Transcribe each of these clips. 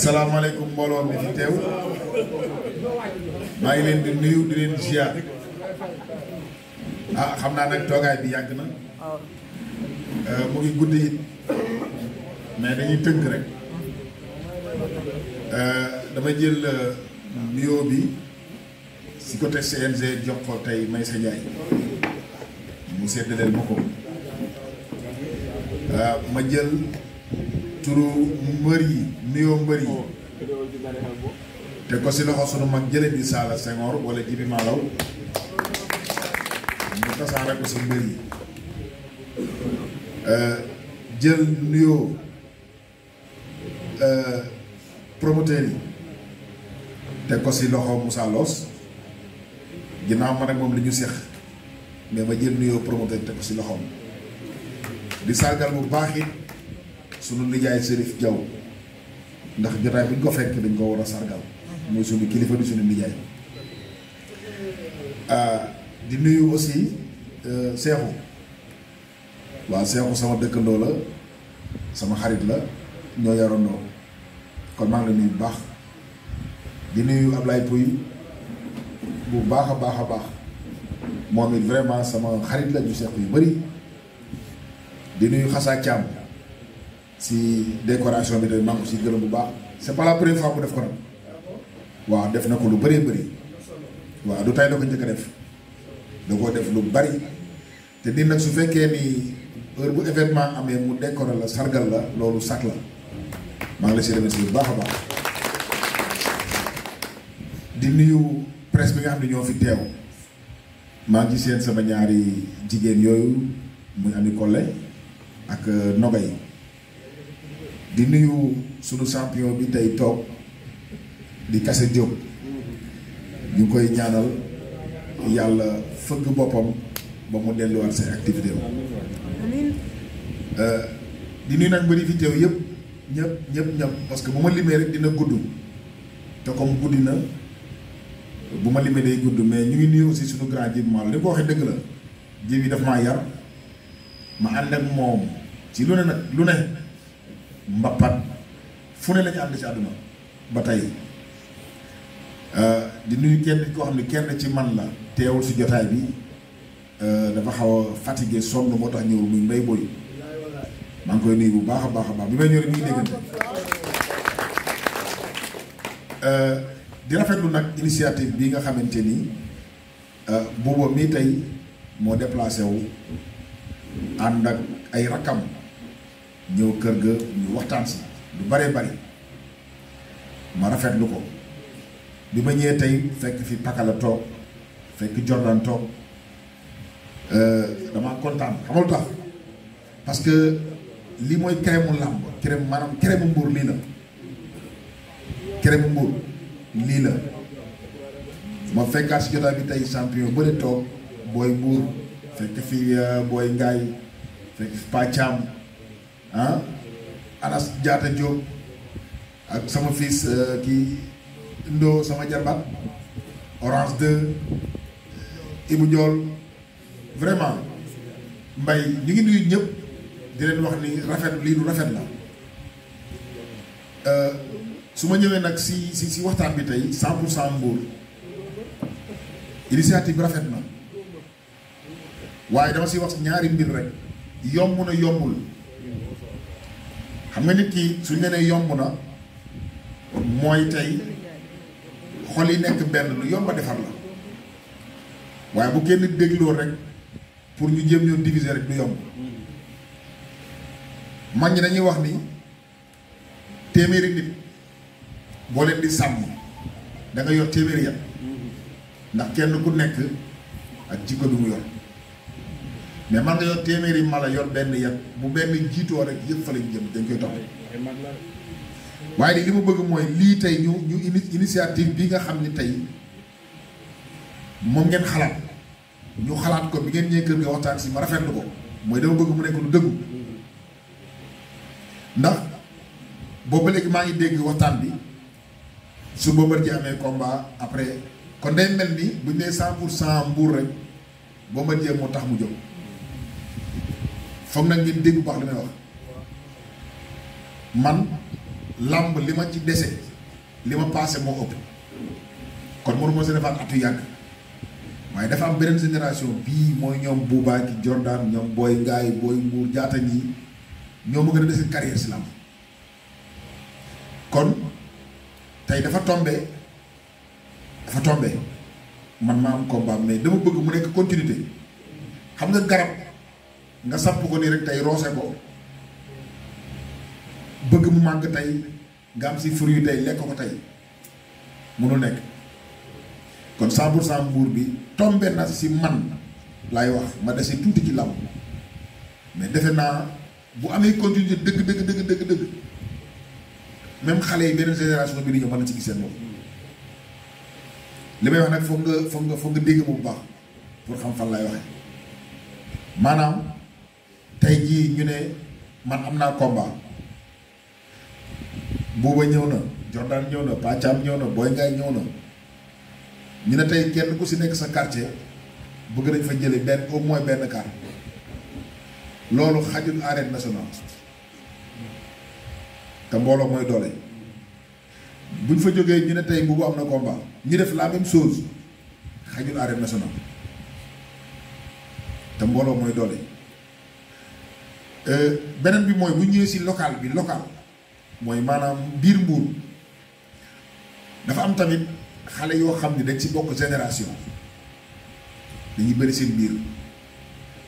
salaamaaleykum mbooloo mi fi teew maa ngi leen di nuyu di leen ziar ah xam naa nag toogaay bi yàgg na euh, mu ngi guddi it mais dañuy tënk rek euh, dama jël euh, nuyoo bi si côté CNG jox ko tey Maysa Ndiaye mu seddaleel ma ko ma jël. turu mbër yi nuyoo mbër yi te ko si loxo sunu mag jële bi Saala Senghor wala Jibi Malaw ñu tasaare ko si mbër yi euh, euh, jël nuyoo promoteur yi te ko si loxo Moussa Loos ma nag moom li ñu seex mais ma jël nuyoo promoteur te ko si loxoom di sargal bu baax sunu nijaay Serif Diaw ndax jotaay buñ ko fekk dañ ko war a sargal mooy suñu kilifa di sunu nijaay ah, di nuyu aussi euh, Seexu waaw Seexu sama dëkkandoo la sama xarit la ñoo yarandoo kon maa la nuyu bu baax di nuyu Ablaye Pouy bu baax a baax a baax moom it vraiment sama xarit la ñu seq yu bari di nuyu Xasaa Caam si décoration bi de mang ci si bu baax c'est pas la première fois mu def ko nag wa def na ko lu bari bari wa du tay da ko njëkk def da ko def lu bari té nit nak su féké ni heure bu événement amé mu décorer la sargal la lolu sak la mang la si remercier bu baax baax di nuyu presse bi nga xam ne ñoo fi téw mang ci seen sama ñaari jigen yoyu muy ami Collé ak euh, Nogay di nuyu sunu champion bi tay tok di kasse Diop ñu koy ñaanal yalla feug bopam ba mu delu wat say activité euh di nuyu nak bari fi teew yëpp ñep ñep ñëpp parce que buma limé rek dina gudd te comme guddi buma limé day gudd mais ñu ngi nuyu aussi sunu grand djib mal li ko waxe deug la jib yi daf ma yar ma ànd ak moom ci lu ne nag lu ne mbappat fu ne la ñu ànd ci àdduna ba tey euh, di nuyu kenn koo xam ne kenn ci man la teewul si jotaay bi euh, dafa xaw a fatigué sonn moo tax ñëwul muy mbay boy maa koy nuyu bu baax a baax a baax bi may ñëwee mi ngi déggante euh, di rafetlu nag nga xamante ni booba mii tey moo déplacé wu ànd ay rakkam ñew kër ga ñu waxtaan si lu bare bari ma rafet lu ko bi ma ñëwee tey fekk fi pakala toog fekk jordan toog euh, dama kontaan xamul tax parce que li mooy crème lamb crème maanaam crème mbuur lii la crème mbuur lii la ma fekkaat si jotaay bi tey champion bëri toog booy mbuur fekk fi euh, booy ngaay fekk fi pàccaam ah Anas Diatta Diop ak sama fils eh, ki Ndo sama jambat Orange 2 ibu Diol vraiment mbay ñu ngi nuyu ñep di len wax ni rafet li du rafet la euh suma ñëwee nak si si si waxtaan bi tay 100% Mbour initiative rafet na waye dama ci wax ñaari mbir rek yomuna yomul xam nga nit ki suñ la nee yomb na mooy tey xol yi nekk benn lu yomb a defar la waaye bu kenn dégloo rek pour ñu jëm ñoo diviser rek du yomb mag dañuy wax ni téeméeri nit boo leen di sàmm da nga yor téeméeri yat ndax kenn ku nekk ak jikko du mu mais man nga yor téeméeri mala yor benn yet mu benn jiitoo rek yëpp fa lañ jëm dañ koy topp waaye li ma bëgg mooy lii tey ñu ñu initiative bi nga xam ni tey moom ngeen xalaat ñu xalaat ko bi ngeen ñëwee kër ga waxtaan si ma rafet rafetlu ko mooy dama bëgg mu nekk lu dëggu ndax boobu maa ngi dégg waxtaan bi su boobu ji amee combat après kon day mel ni bu ñu nee cent pour cent mbuur rek boobu jéem moo tax mu jóg. foog nag ngeen dégg bu baax li may wax man làmb li ma ci dese li ma passé moo ëpp kon mënu ma si defaat atu yàgg waaye dafa am beneen génération bii mooy ñoom Bouba ki Jordan ñoom Boy Ngaay Boy Mbour jaata ñii ñoo ma a dese carrière si làmb kon tey dafa tombe dafa tombé man maa am combat mais dama bëgg mu nekk continuité xam nga garab. nga samp ko nii rek tey roose ko bëgg mu màgg tey nga am si fruit tey lekk ko tey mënul nekk kon 100 pour cent mbuur bi tombe na si man laay wax ma dese tuuti ci làmb defe naa bu amee continuité dëgg dëgg dëgg dëgg dëgg même xale yi beneen génération bi dañoo mën na ci gis seen bopp li may wax nag foog nga foog nga foo nga dégg bu baax pour xam fan laay waxee maanaam. tey jii ñu ne man am naa combat Bouba ñëw na Jordan ñëw na Pacham ñëw na Boy Ngaay ñëw na ñu ne tey kenn ku si nekk sa quartier bugg nañ fa jële benn au moins benn carte loolu xajul arène nationale te mbooloo mooy doole buñ fa jógee ñu ne tey Bouba am na combat ñu def la même chose xajul te mbooloo mooy doole. Euh, beneen bi mooy bu ñëwee si local bi local mooy maanaam biir Mbuur dafa am tamit xale yoo xam ne dañ si bokk génération dañuy bëri seen biir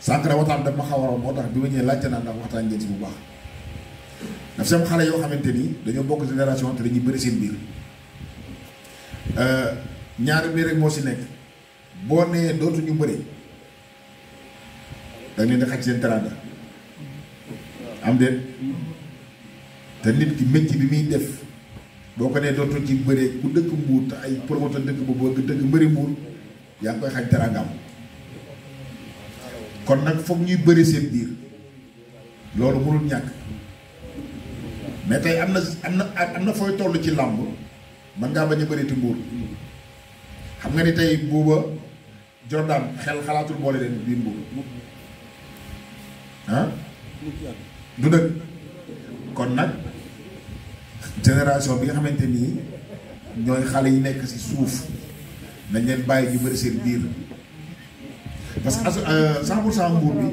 sànq na waxtaan daf ma xaw a moo tax bi ma ñëwee laajte naa ndax waxtaan ngeen si bu baax daf si xale yoo xamante ni dañoo bokk génération te dañuy bëri seen biir euh, ñaari biir rek moo si nekk boo nee dootuñu bëri da nga leen di xaj seen teranga am déet te nit ki métti bi muy def boo ko nee dootul ci bëree ku dëkk mbuur te ay promoteur dëkk ba bëgg dëkk mbëri mbuur yaa ngi koy xañ teraangam kon nag foog ñuy bëri seen biir loolu mënul ñàkk mais tey am na am na fooy toll ci làmb mën ngaa bañ a bëreeti mbuur xam nga ni tey buuba Jordan xel xalaatul boole leen biir mbuur ah du dëgg kon nag génération bi nga xamante nii ñooy xale yi nekk ci suuf nañ leen bàyyi ñu bëri seen biir parce que as euh, 100 pour cent nguur bi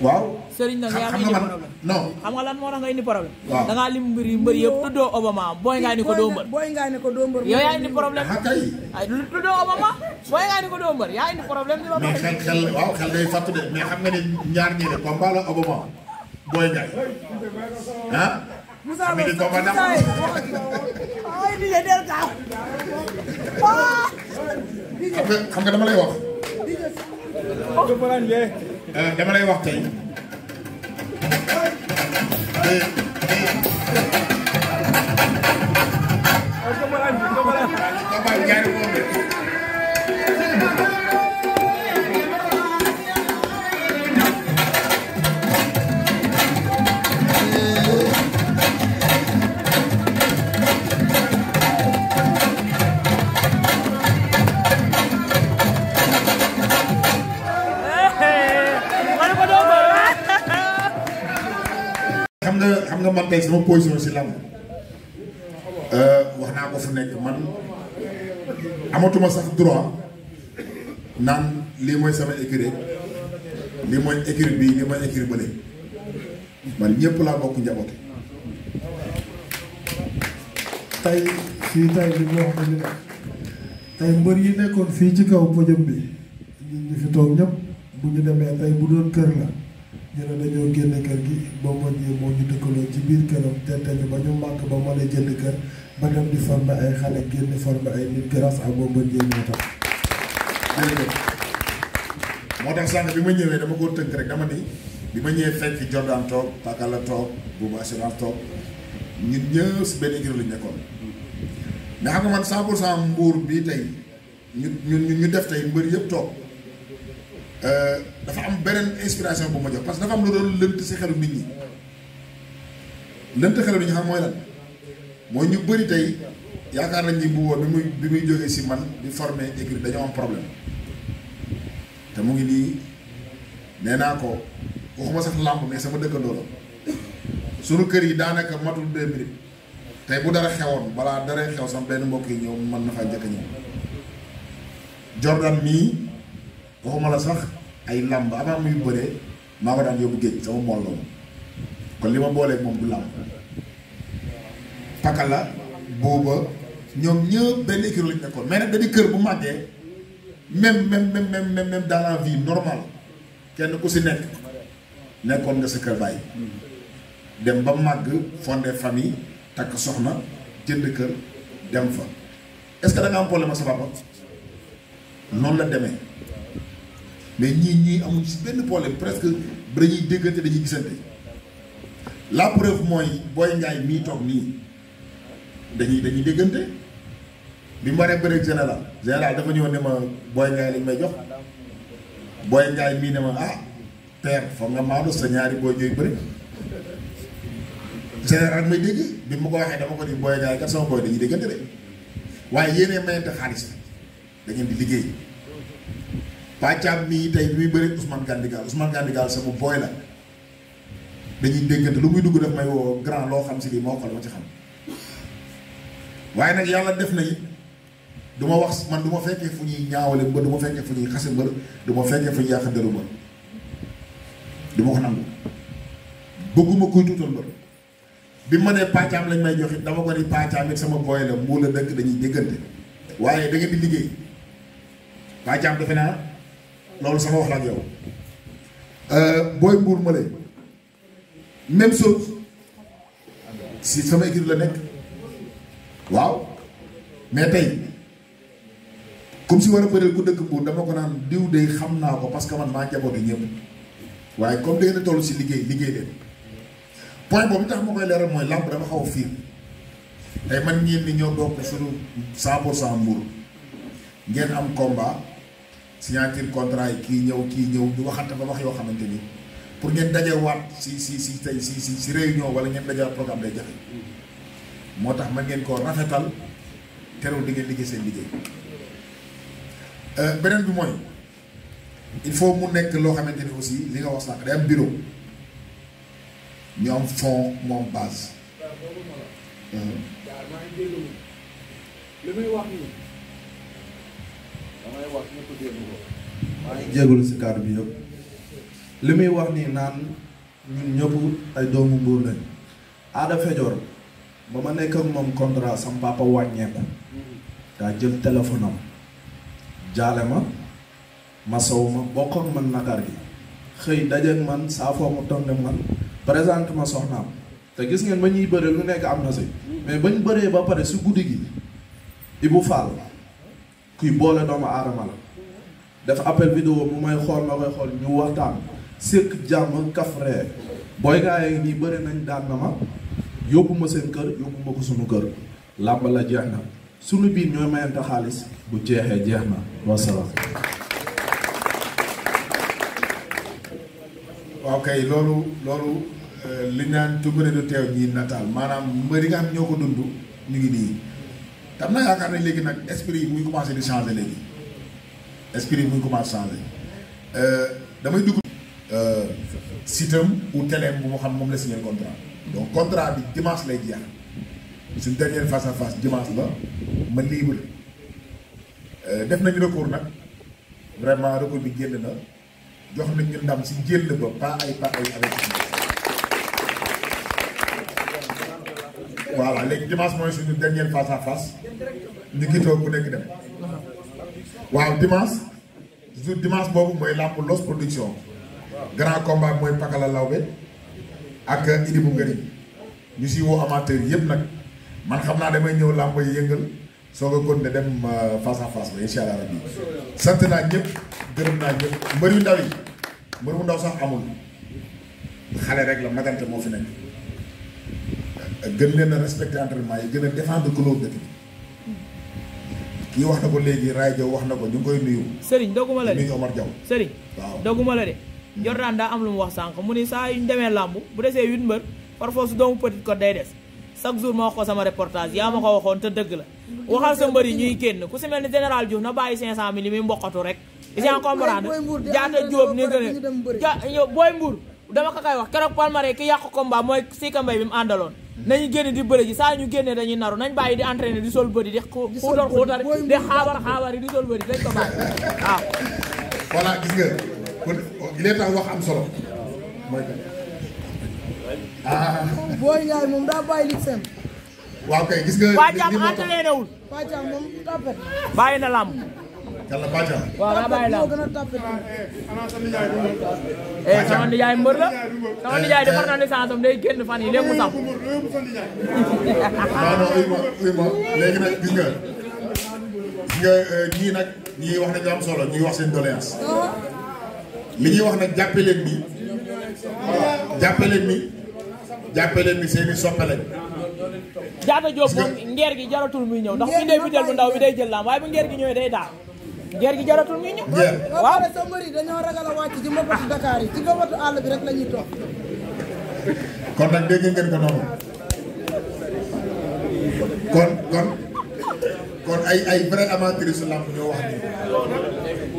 waaw. sëriñ xam nga man non xam nga lan moo tax nga indi problème da nga lim mbir mbir yëpp ya tuddoo iya. obama boy nga ni ko iya, doo mbër boy nga ni ko doo mbër yow iya, yaa indi problème nah, ay tuddoo obama boy nga ni ko doo mbër yaa indi problème di la mais xel xel waaw xel day fàttu de mais xam nga ne ñaar ñi de combat la obama boy nga ah Musa mi di combat dam ay di del ka xam nga dama lay wax dama lay wax tey Thank you. man tey sama position si lamb euh, wax naa ko fu nekk man amatuma sax droit naan lii mooy sama écurie lii mooy écurie bii lii mooy écurie bële man ñëpp laa bokk njaboote tey fii tey li mu wax ni nag mbër yi nekkoon fii ci kaw podium bi ñu fi toog ñëpp bu ñu demee tey bu doon kër la ñu dañoo génne kër gi boobu ñi moo ñu dëkkaloo ci biir këram tetteñu ba ñu màgg ba mën a jënd kër ba dem di former ay xale génn former ay nit grâce à boobu ñi moo tax moo tax sànq bi ma ñëwee dama ko tënk rek dama ni bi ma ñëwee fekk Jordan toog Pakala toog Bouba Assurance toog ñun ñëpp si benn ngir lañ nekkoon mais xam nga man 100 pour cent mbuur bii tey ñu ñu ñu def tey mbër yëpp toog Euh, dafa am beneen inspiration bu ma jox parce que dafa am lu doon lënt si xelu nit ñi lënt xelu nit ñi xam mooy lan mooy ñu bëri tey yaakaar nañ ni bu woon bi muy bi muy jógee si man di former écrit dañoo am problème te mu ngi nii nee naa ko waxuma sax làmb mais sama dëkkandoo la sunu kër yi daanaka matul deux minutes tey bu dara xewoon balaa dara xew sax benn mbokk yi ñëw mën na faa njëkk a Jordan mii. waxuma la sax ay làmb avant muy bëree maa ko daan yóbbu géej sama mool kon li ma booleeg moom du làmb paka la booba ñoom ñëpp benn écurie lañ nekkoon mais nag dañuy kër bu màggee même même même même même dans la vie normale kenn ku si nekk nekkoon nga sa kër bàyyi dem ba màgg fondé famille takk soxna jënd kër dem fa est-ce que da nga am sa papa noonu la demee. mais ñii amul si benn problème presque dañuy déggante dañuy gisante la preuve mooy Boy Ndiaye mii toog nii dañuy dañuy déggante bi mu waree bëreeg général général dafa ñëw ne ma Boy Ndiaye lañ may jox Boy Ndiaye mii ne ma ah père foog nga maandu sa ñaari booy ñooy bëri général may dégg bi mu ko waxee dama ko ni Boy Ndiaye kat sama booy dañuy déggante de waaye yéenee mayante xaalis dañu di liggéey. Pathiam mii tey bi muy bëri Ousmane Gandigal Ousmane Gandigal sama booy la dañuy déggante lu muy dugg daf may grand loo xam si lii moo ko la ma ci xam waaye nag yàlla def na du ma wax man du ma fekkee fu ñuy ñaawale mbër du ma fekkee fu ñuy xase mbër du ma fekkee fu ñuy yàq dëru mbër du ma ko nangu bëgguma kuy tuutal mbër bi ma nee Pathiam lañ may joxe dama ko ni Pathiam it sama booy la mu la dëkk dañuy déggante waaye da ngeen liggéey Pathiam defe loolu sama wax la ak yow euh, booy mbuur mële même chose si sama équipe la nekk waaw mais tey comme si war a bëreel ku dëkk mbuur dama ko naan diw de xam naa ko parce que man maa njaboot yi ñëpp waaye comme da ngeen a si liggéey liggéey leen point boobu tax ma koy leeral mooy làmb dama xaw fii fiir tey man ñeen ni ñoo bokk suñu 100 pour cent ngeen am combat signature contrat yi kii ñëw kii ñëw ñu waxante ba wax yoo xamante ni pour ngeen si si si tey si si si réunion wala ngeen dajewaat programme day jafe moo tax man ngeen ko rafetal terewul di ngeen liggéey seen liggéey euh, beneen bi mooy il faut mu nekk loo xamante aussi li nga wax sànq day am bureau fond mu base. Euh. li may wax nii. damay wax ñëpp dégg ko si kàddu bi yëpp li muy wax nii naan ñun ñëpp ay doomu Mbuur lañ Ada Fejoor ba ma nekk ak moom contrat sam papa wàññeeku daa jël téléphone am jaale ma ma sow ma bokk ak man nakar gi xëy dajeeg man saa foo mu tonde man présente ma soxnaam te gis ngeen ba ñuy bëre lu nekk am na si mais ba ñu bëree ba pare si guddi gi Ibou Fall kuy boole doomu aadama la dafa appel vidéo mu may xool ma koy xool ñu waxtaan sëkk jàmm kafre booy gaa yi nii bëri nañ daan na ma yóbbu ma seen kër yóbbu ko sunu kër làmb la jeex na sunu biir ñooy mayante xaalis bu jeexee jeex na wasalaam waaw kay loolu loolu euh, li naan tumbare du teew ñii nataal maanaam mbër yi nga ko dund ñu ngi te am naa yaakaar ne léegi nag esprit yi muy commencé di changer léegi esprit yi muy commencé changer euh, damay dugg euh, sitam ou teleem bu ma xam moom la signé contrat donc contrat bi dimanche lay jeex suñ dernière face à face dimanche la ma libre euh, def nañu recours nag vraiment recours bi génn na jox nañ ñu ndam si jël ba pas ay pas ay avec voilà léegi dimanche mooy suñu dernier face à face ñu gitoo ku nekk dem waaw dimanche jour dimanche boobu mooy làmp los production grand combat mooy Pakala Lawbe ak Idibou Ngari ñu si woo amateur yëpp nag man xam naa damay ñëw làmb yi yëngal soo ko kon ne dem euh, face à face ba incha allah rabbi sant naa ñëpp gërëm naa ñëpp mbër yu ndaw yi mbër bu ndaw sax amul xale rek la magante moo fi nekk. gën leen a respecté entraînement yi gën a défendre couleur dëkk bi kii wax na ko léegi Raye Diaw wax na ko ñu ngi koy nuyu. Serigne dogguma la de nuyu dogguma la de. Jordan hmm. daa am lu mu wax sànq mu ni saa yu ñu demee làmb bu desee huit mbër parfois su doomu Petite Côte day des chaque jour ma wax ko sama reportage yaa ma ko waxoon te dëgg la. waxal sa mbër yi ñuy génn ku si mel ni général Diouf na bàyyi 500000 yi muy mboqatu rek. is en comprendre jaata Diop ni gën a ja ko kay wax keroog palmarès yàq combat mooy àndaloon. nañu génne di bëri ji saa ñu génnee dañuy naru nañ bàyyi di entraîné di sol bëri di xuutal xuutari di xaabar xaabari di sol bëri dañ ko bàyyi waaw voilà gis nga kon il est temps wax am solo mooy ah booy yaay moom daa bàyyi lig seen waaw kay gis nga waa jàmm entraîné wul waa jàmm moom tapet bàyyi na làmb yàlla baa ca. waaw daa bàyyi laaw. Ah, eh, eh sama nijaay mbër la. sama nijaay defar na licence am day génn fan yi léegi mu sax. waaw non oui ma oui ma léegi nag gis nga gis nga euh, ñii nag ñii wax nañu am solo ñii wax seen doléance. li ñuy wax nag jàppe leen ni jàppe leen ni jàppe leen ni seen i soppe lañ. jaata Diop moom ngeer gi jaratul muy ñëw ndax bu ñu dee bu jël bu ndaw bi day jël laam waaye bu ngeer gi ñëwee day daal. guerre gi jaratul ñu ñu waaw sa mbëri dañoo ragal a wàcc ci Dakar yi ci mbëppatu àll bi rek la ñuy kon nag dégg ngeen ko noonu kon kon kon ay ay vrai amatrice lamb ñoo wax ni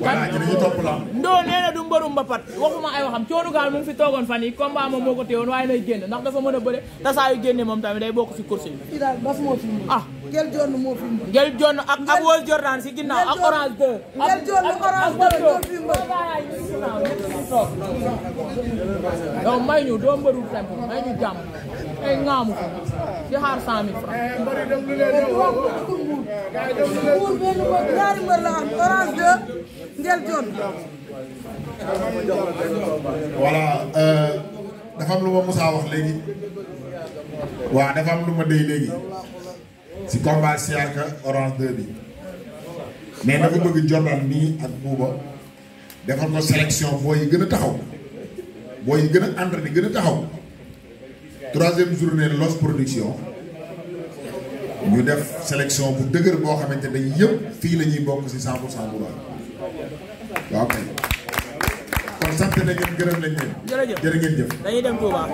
wala ñu top lamb ndo neena du mbeuru mbapat waxuma ay waxam cionu gal mu fi togon fan yi combat mom moko téwon way lay genn ndax dafa mëna ta sa yu genné mom tamit day bokku ci course yi ah Ngel Jonn moo fi mbër. Ngel Jonn ak ak Wol Jordan si ginnaaw ak orange 2. Ngel Jonn orange 2 moo fi mbër. donc may ñu doo mbëru temp may ñu jàmm ay ŋaamu ko di xaar 100000 francs. Eh, Mbuur benn mbër ñaari mbër la am orange 2 Ngel Jonn. voilà euh, dafa am lu ma Moussa wax léegi. waaw dafa am lu ma dey léegi. ci si combat Siaka orange 2 bi mais dafa bëgg Jordan nii ak Bouba defal ko sélection boo yi gën a taxaw boo yi gën a entraîné gën a taxaw troisième journée Los production ñu def sélection bu dëgër boo xamante ne yëpp fii la ñuy bokk si 100 pour 100 bu waaw kay kon sant nañ leen gërëm nañ leen. jëf. dañuy dem Touba.